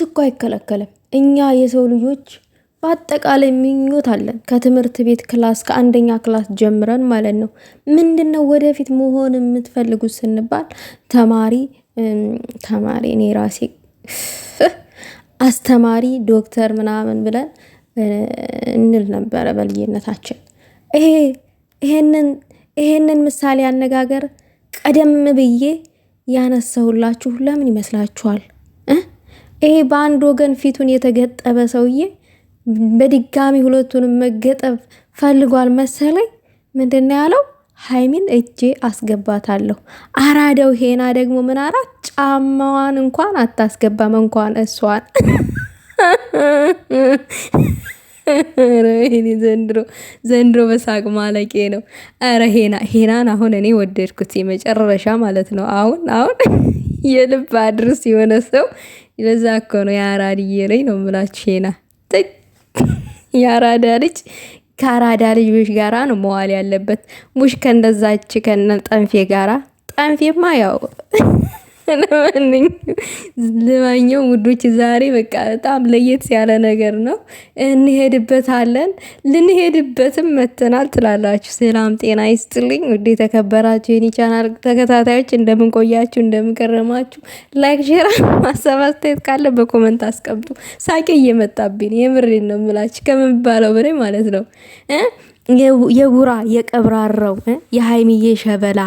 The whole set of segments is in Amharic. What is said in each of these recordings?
ምኞት እኮ አይከለከልም። እኛ የሰው ልጆች በአጠቃላይ ምኞት አለን። ከትምህርት ቤት ክላስ ከአንደኛ ክላስ ጀምረን ማለት ነው። ምንድን ነው ወደፊት መሆን የምትፈልጉት ስንባል ተማሪ ተማሪ እኔ ራሴ አስተማሪ፣ ዶክተር ምናምን ብለን እንል ነበረ በልጅነታችን። ይሄንን ምሳሌ አነጋገር ቀደም ብዬ ያነሳሁላችሁ ለምን ይመስላችኋል? ይሄ በአንድ ወገን ፊቱን የተገጠበ ሰውዬ በድጋሚ ሁለቱንም መገጠብ ፈልጓል መሰለኝ። ምንድን ነው ያለው? ሀይሚን እጄ አስገባታለሁ። አራዳው ሄና ደግሞ ምን አራት ጫማዋን እንኳን አታስገባም እንኳን እሷን ረሄኔ ዘንድሮ ዘንድሮ በሳቅ ማለቄ ነው። ረ ሄና ሄናን አሁን እኔ ወደድኩት የመጨረሻ ማለት ነው። አሁን አሁን የልብ አድርስ የሆነ ሰው ለዛ እኮ ነው የአራድዬ ላይ ነው የምላችሁ። ሄና የአራዳ ልጅ ከአራዳ ልጆች ጋራ ነው መዋል ያለበት። ሙሽ ከእንደዛች ከነ ጠንፌ ጋራ ጠንፌማ ያው ለማንኛውም ውዶች ዛሬ በቃ በጣም ለየት ያለ ነገር ነው። እንሄድበታለን፣ ልንሄድበትም መተናል ትላላችሁ። ሰላም ጤና ይስጥልኝ ውዴ የተከበራችሁ የኔ ቻናል ተከታታዮች፣ እንደምንቆያችሁ፣ እንደምንቀረማችሁ፣ ላይክ፣ ሼር፣ ማሰብ አስተያየት ካለ በኮመንት አስቀምጡ። ሳቄ እየመጣብኝ የምሬን ነው የምላችሁ ከምባለው በላይ ማለት ነው። የጉራ የቀብራረው የሀይሚዬ ሸበላ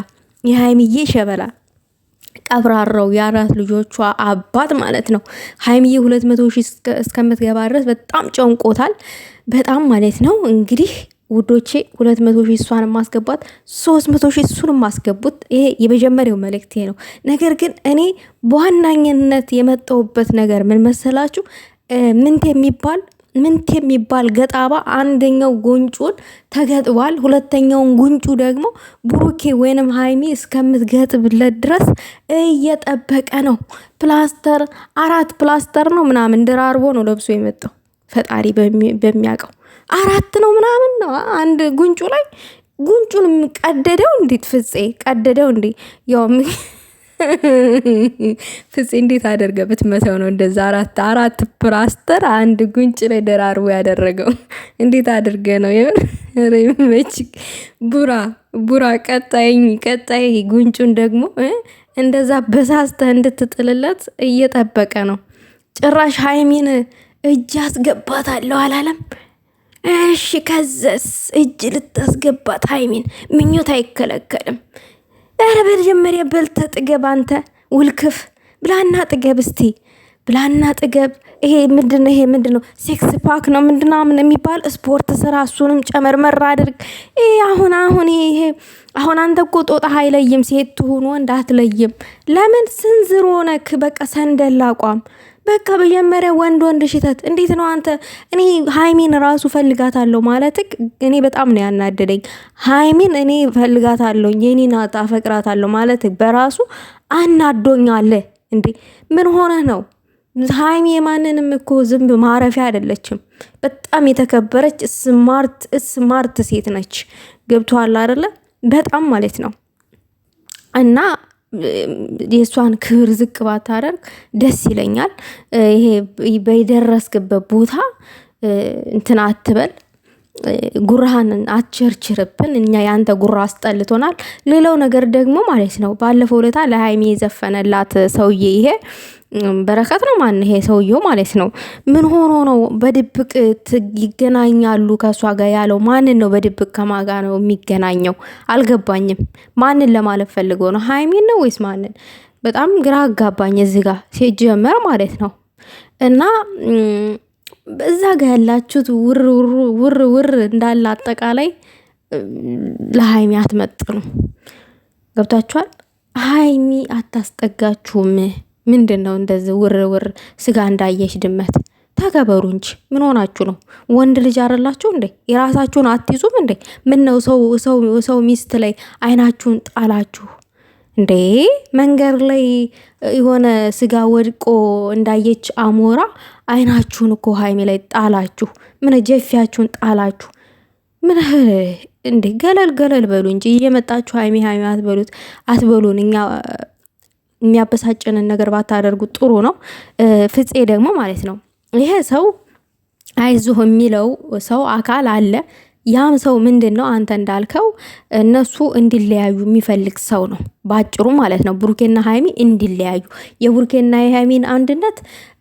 የሀይሚዬ ሸበላ ቀብራራው የአራት ልጆቿ አባት ማለት ነው። ሀይሚዬ ሁለት መቶ ሺህ እስከምትገባ ድረስ በጣም ጨንቆታል። በጣም ማለት ነው እንግዲህ ውዶቼ ሁለት መቶ ሺህ እሷን ማስገባት ሶስት መቶ ሺህ እሱን ማስገቡት። ይሄ የመጀመሪያው መልእክቴ ነው። ነገር ግን እኔ በዋናኝነት የመጣሁበት ነገር ምን መሰላችሁ? ምንት የሚባል ምንት የሚባል ገጣባ አንደኛው ጉንጩን ተገጥቧል። ሁለተኛውን ጉንጩ ደግሞ ብሩኬ ወይንም ሀይሚ እስከምትገጥብለት ድረስ እየጠበቀ ነው። ፕላስተር አራት ፕላስተር ነው ምናምን አርቦ ነው ለብሶ የመጣው ፈጣሪ በሚያውቀው አራት ነው ምናምን ነው አንድ ጉንጩ ላይ ጉንጩን ቀደደው እንዴት ፍፄ ቀደደው እንዴ ያው ፍጽ እንዴት አደርገ ብትመተው ነው እንደዛ አራት አራት ፕራስተር አንድ ጉንጭ ላይ ደራርቦ ያደረገው እንዴት አድርገ ነው መች ቡራ ቡራ ቀጣይኝ ቀጣይ ጉንጩን ደግሞ እንደዛ በሳስተ እንድትጥልለት እየጠበቀ ነው ጭራሽ ሀይሚን እጅ አስገባታለሁ አላለም እሺ ከዘስ እጅ ልታስገባት ሀይሚን ምኞት አይከለከልም ኧረ በመጀመሪያ በልተ ጥገብ አንተ ውልክፍ ብላና ጥገብ እስቲ ብላና ጥገብ። ይሄ ምንድነው? ይሄ ምንድነው? ሴክስ ፓክ ነው ምንድና ምን የሚባል ስፖርት ስራ፣ እሱንም ጨመርመር አድርግ። ይሄ አሁን አሁን ይሄ አሁን አንተ እኮ ጦጣ አይለይም፣ ሴት ትሁን ወንድ አትለይም። ለምን ስንዝሮ ነክ በቃ ሰንደል አቋም በቃ መጀመሪያ ወንድ ወንድ ሽተት እንዴት ነው አንተ? እኔ ሀይሚን ራሱ ፈልጋታለሁ ማለትክ እኔ በጣም ነው ያናደደኝ። ሀይሚን እኔ ፈልጋታለሁ የኔ ናት አፈቅራታለሁ ማለትክ በራሱ አናዶኛለ። እንዴ ምን ሆነ ነው? ሀይሚ የማንንም እኮ ዝንብ ማረፊያ አይደለችም። በጣም የተከበረች ስማርት ስማርት ሴት ነች። ገብቶሃል አይደለ? በጣም ማለት ነው እና የእሷን ክብር ዝቅ ባታደርግ ደስ ይለኛል። ይሄ በደረስክበት ቦታ እንትን አትበል፣ ጉራህንን አትቸርችርብን። እኛ የአንተ ጉራ አስጠልቶናል። ሌላው ነገር ደግሞ ማለት ነው ባለፈው ለታ ለሀይሚ የዘፈነላት ሰውዬ ይሄ በረከት ነው ማን ይሄ ሰውየው ማለት ነው። ምን ሆኖ ነው በድብቅ ይገናኛሉ ከእሷ ጋር ያለው? ማንን ነው በድብቅ ከማጋ ነው የሚገናኘው? አልገባኝም። ማንን ለማለት ፈልጎ ነው? ሀይሚን ነው ወይስ ማንን? በጣም ግራ አጋባኝ። እዚህ ጋር ሲጀመር ማለት ነው እና በዛ ጋር ያላችሁት ውር ውር እንዳለ አጠቃላይ ለሀይሚ አትመጥኑ። ገብታችኋል? ሀይሚ አታስጠጋችሁም። ምንድን ነው እንደዚህ ውር ውር ስጋ እንዳየሽ ድመት ተከበሩ እንጂ ምን ሆናችሁ ነው? ወንድ ልጅ አረላችሁ እንዴ? የራሳችሁን አትይዙም እንዴ? ምን ነው ሰው ሰው ሰው ሚስት ላይ አይናችሁን ጣላችሁ እንዴ? መንገድ ላይ የሆነ ስጋ ወድቆ እንዳየች አሞራ አይናችሁን እኮ ሀይሜ ላይ ጣላችሁ። ምን ጀፊያችሁን ጣላችሁ። ምን እንዴ? ገለል ገለል በሉ እንጂ እየመጣችሁ ሀይሜ ሀይሜ አትበሉት አትበሉን እኛ የሚያበሳጭንን ነገር ባታደርጉ ጥሩ ነው። ፍፄ ደግሞ ማለት ነው ይሄ ሰው አይዞህ የሚለው ሰው አካል አለ። ያም ሰው ምንድን ነው አንተ እንዳልከው እነሱ እንዲለያዩ የሚፈልግ ሰው ነው። ባጭሩ ማለት ነው ብሩኬና ሀይሚ እንዲለያዩ። የብሩኬና የሀይሚን አንድነት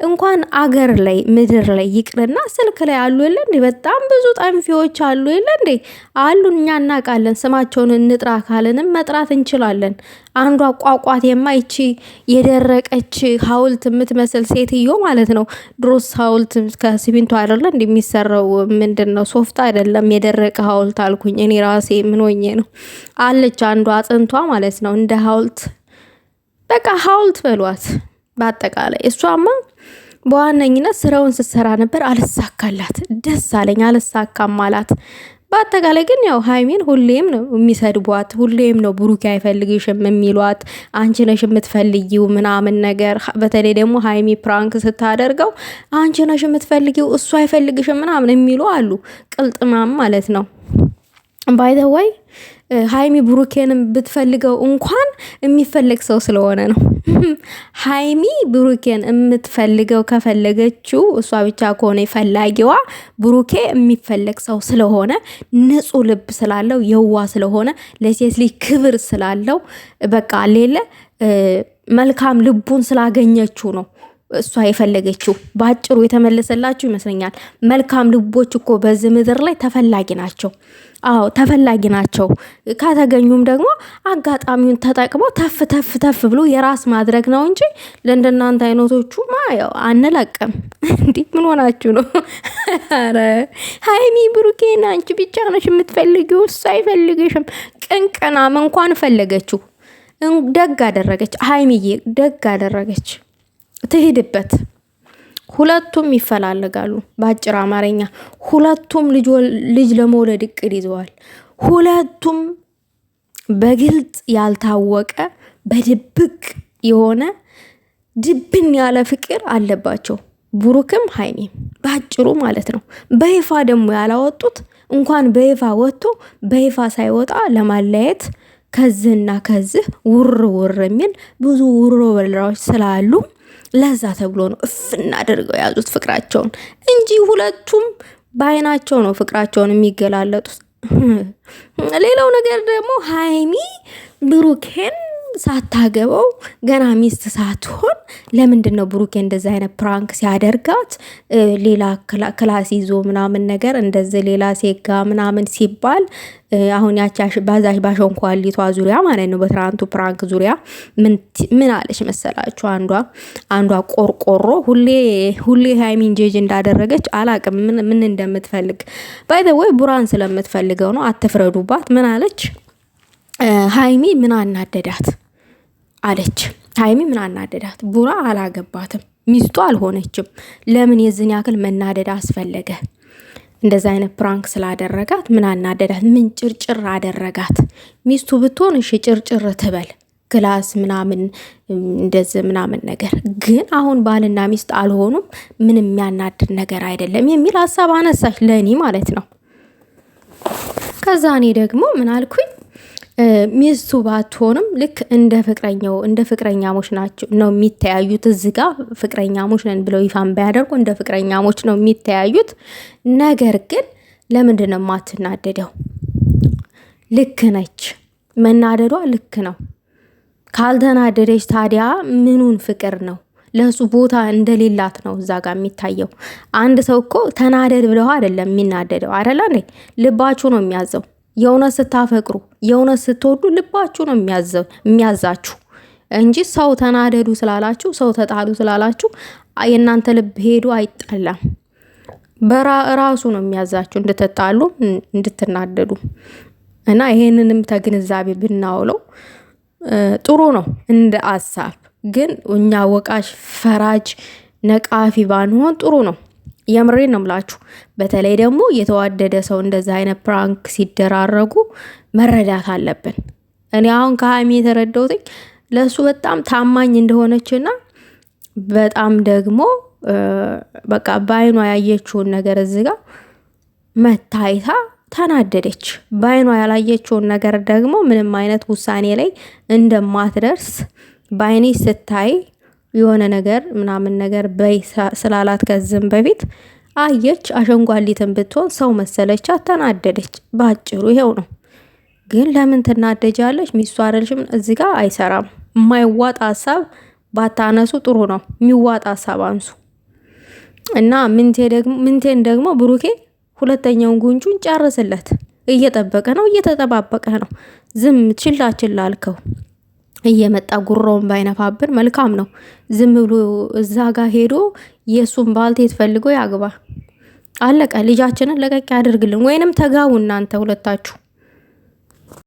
እንኳን አገር ላይ ምድር ላይ ይቅርና ስልክ ላይ አሉ የለ እንዴ? በጣም ብዙ ጠንፊዎች አሉ የለ እንዴ? አሉ እኛ እናውቃለን። ስማቸውን እንጥራ ካለንም መጥራት እንችላለን። አንዷ ቋቋት የማይቺ የደረቀች ሀውልት የምትመስል ሴትዮ ማለት ነው። ድሮስ ሀውልት ከሲሚንቶ አይደለ የሚሰራው ምንድን ነው ሶፍት አይደለም የደረቀ ሀውልት አልኩኝ እኔ ራሴ ምን ሆኜ ነው አለች አንዷ አጥንቷ ማለት ነው እንደ ሀውልት በቃ ሀውልት በሏት። በአጠቃላይ እሷማ በዋነኝነት ስራውን ስትሰራ ነበር። አልሳካላት፣ ደስ አለኝ፣ አልሳካም አላት። በአጠቃላይ ግን ያው ሀይሚን ሁሌም ነው የሚሰድቧት፣ ሁሌም ነው ብሩኬ አይፈልግሽም የሚሏት፣ አንቺ ነሽ የምትፈልጊው ምናምን ነገር። በተለይ ደግሞ ሀይሚ ፕራንክ ስታደርገው አንቺ ነሽ የምትፈልጊው እሱ አይፈልግሽም ምናምን የሚሉ አሉ፣ ቅልጥማም ማለት ነው ባይተዋይ ሀይሚ ብሩኬንም ብትፈልገው እንኳን የሚፈለግ ሰው ስለሆነ ነው። ሀይሚ ብሩኬን የምትፈልገው ከፈለገችው እሷ ብቻ ከሆነ ፈላጊዋ ብሩኬ የሚፈለግ ሰው ስለሆነ ንጹሕ ልብ ስላለው የዋ ስለሆነ ለሴት ልጅ ክብር ስላለው በቃ ሌለ መልካም ልቡን ስላገኘችው ነው እሷ የፈለገችው በአጭሩ የተመለሰላችሁ ይመስለኛል። መልካም ልቦች እኮ በዚህ ምድር ላይ ተፈላጊ ናቸው። አዎ ተፈላጊ ናቸው። ከተገኙም ደግሞ አጋጣሚውን ተጠቅመው ተፍ ተፍ ተፍ ብሎ የራስ ማድረግ ነው እንጂ ለእንደናንተ አይነቶቹማ ያው አንለቅም። እንዲህ ምን ሆናችሁ ነው? ኧረ ሀይሚ ብሩኬን አንቺ ብቻ ነሽ የምትፈልጊው፣ እሱ አይፈልግሽም። ቅንቅናም እንኳን ፈለገችው። ደግ አደረገች ሀይሚዬ፣ ደግ አደረገች። ትሄድበት። ሁለቱም ይፈላለጋሉ። በአጭር አማርኛ ሁለቱም ልጅ ለመውለድ እቅድ ይዘዋል። ሁለቱም በግልጽ ያልታወቀ በድብቅ የሆነ ድብን ያለ ፍቅር አለባቸው። ብሩክም ሀይሚም በአጭሩ ማለት ነው። በይፋ ደግሞ ያላወጡት እንኳን በይፋ ወጥቶ በይፋ ሳይወጣ ለማለያየት ከዚህና ከዚህ ውር ውር የሚል ብዙ ውሮ በላዎች ስላሉ ለዛ ተብሎ ነው እፍና አድርገው የያዙት ፍቅራቸውን እንጂ ሁለቱም በአይናቸው ነው ፍቅራቸውን የሚገላለጡት። ሌላው ነገር ደግሞ ሀይሚ ብሩኬን ሳታገበው ገና ሚስት ሳትሆን ለምንድን ነው ብሩኬ እንደዚ አይነት ፕራንክ ሲያደርጋት ሌላ ክላስ ይዞ ምናምን ነገር እንደዚ ሌላ ሴጋ ምናምን ሲባል አሁን ያቻሽ ባዛሽ ባሸንኳሊቷ ዙሪያ ማለት ነው። በትናንቱ ፕራንክ ዙሪያ ምን አለች መሰላችሁ? አንዷ አንዷ ቆርቆሮ ሁሌ ሁሌ ሃይሚን ጄጅ እንዳደረገች አላቅም ምን እንደምትፈልግ ባይ ዘ ወይ ቡራን ስለምትፈልገው ነው። አትፍረዱባት። ምን አለች ሃይሚ ምን አናደዳት? አለች። ሀይሚ ምን አናደዳት? ቡራ አላገባትም፣ ሚስቱ አልሆነችም። ለምን የዝን ያክል መናደድ አስፈለገ? እንደዚ አይነት ፕራንክ ስላደረጋት ምን አናደዳት? ምን ጭርጭር አደረጋት? ሚስቱ ብትሆን እሺ ጭርጭር ትበል ክላስ ምናምን እንደዚ ምናምን ነገር ግን አሁን ባልና ሚስት አልሆኑም። ምንም የሚያናድድ ነገር አይደለም የሚል ሀሳብ አነሳች፣ ለእኔ ማለት ነው። ከዛ እኔ ደግሞ ምን አልኩኝ ሚስቱ ባትሆንም ልክ እንደ ፍቅረኛው እንደ ፍቅረኛሞች ናቸው ነው የሚተያዩት። እዚህ ጋር ፍቅረኛሞች ነን ብለው ይፋን ባያደርጉ እንደ ፍቅረኛሞች ነው የሚተያዩት። ነገር ግን ለምንድን ነው የማትናደደው? ልክ ነች፣ መናደዷ ልክ ነው። ካልተናደደች ታዲያ ምኑን ፍቅር ነው? ለሱ ቦታ እንደሌላት ነው እዛ ጋር የሚታየው። አንድ ሰው እኮ ተናደድ ብለው አይደለም የሚናደደው። አደላ ልባችሁ ነው የሚያዘው የእውነት ስታፈቅሩ የእውነት ስትወዱ ልባችሁ ነው የሚያዛችሁ እንጂ ሰው ተናደዱ ስላላችሁ ሰው ተጣሉ ስላላችሁ የእናንተ ልብ ሄዱ አይጣላም። በራሱ ነው የሚያዛችሁ እንድትጣሉ እንድትናደዱ። እና ይሄንንም ተግንዛቤ ብናውለው ጥሩ ነው እንደ አሳብ። ግን እኛ ወቃሽ ፈራጅ ነቃፊ ባንሆን ጥሩ ነው። የምሬ ነው ምላችሁ። በተለይ ደግሞ የተዋደደ ሰው እንደዛ አይነት ፕራንክ ሲደራረጉ መረዳት አለብን። እኔ አሁን ከሀይሚ የተረዳውትኝ ለእሱ በጣም ታማኝ እንደሆነችና በጣም ደግሞ በቃ በአይኗ ያየችውን ነገር እዚጋ መታይታ ተናደደች። በአይኗ ያላየችውን ነገር ደግሞ ምንም አይነት ውሳኔ ላይ እንደማትደርስ በአይኔ ስታይ የሆነ ነገር ምናምን ነገር በይ ስላላት ከዝም በፊት አየች። አሸንጓሊትን ብትሆን ሰው መሰለች ተናደደች። በአጭሩ ይሄው ነው። ግን ለምን ትናደጃለች? ሚስቱ አይደለሽም? እዚህ ጋር አይሰራም። የማይዋጥ ሀሳብ ባታነሱ ጥሩ ነው። የሚዋጥ ሀሳብ አንሱ እና ምንቴን ደግሞ ብሩኬ ሁለተኛውን ጉንጩን ጨርስለት። እየጠበቀ ነው፣ እየተጠባበቀ ነው። ዝም ችላ ችላ አልከው። እየመጣ ጉሮውን ባይነፋብን መልካም ነው። ዝም ብሎ እዛ ጋር ሄዶ የእሱን ባልቴት ፈልጎ ያግባ። አለቀ። ልጃችንን ለቀቅ ያደርግልን። ወይንም ተጋቡ እናንተ ሁለታችሁ።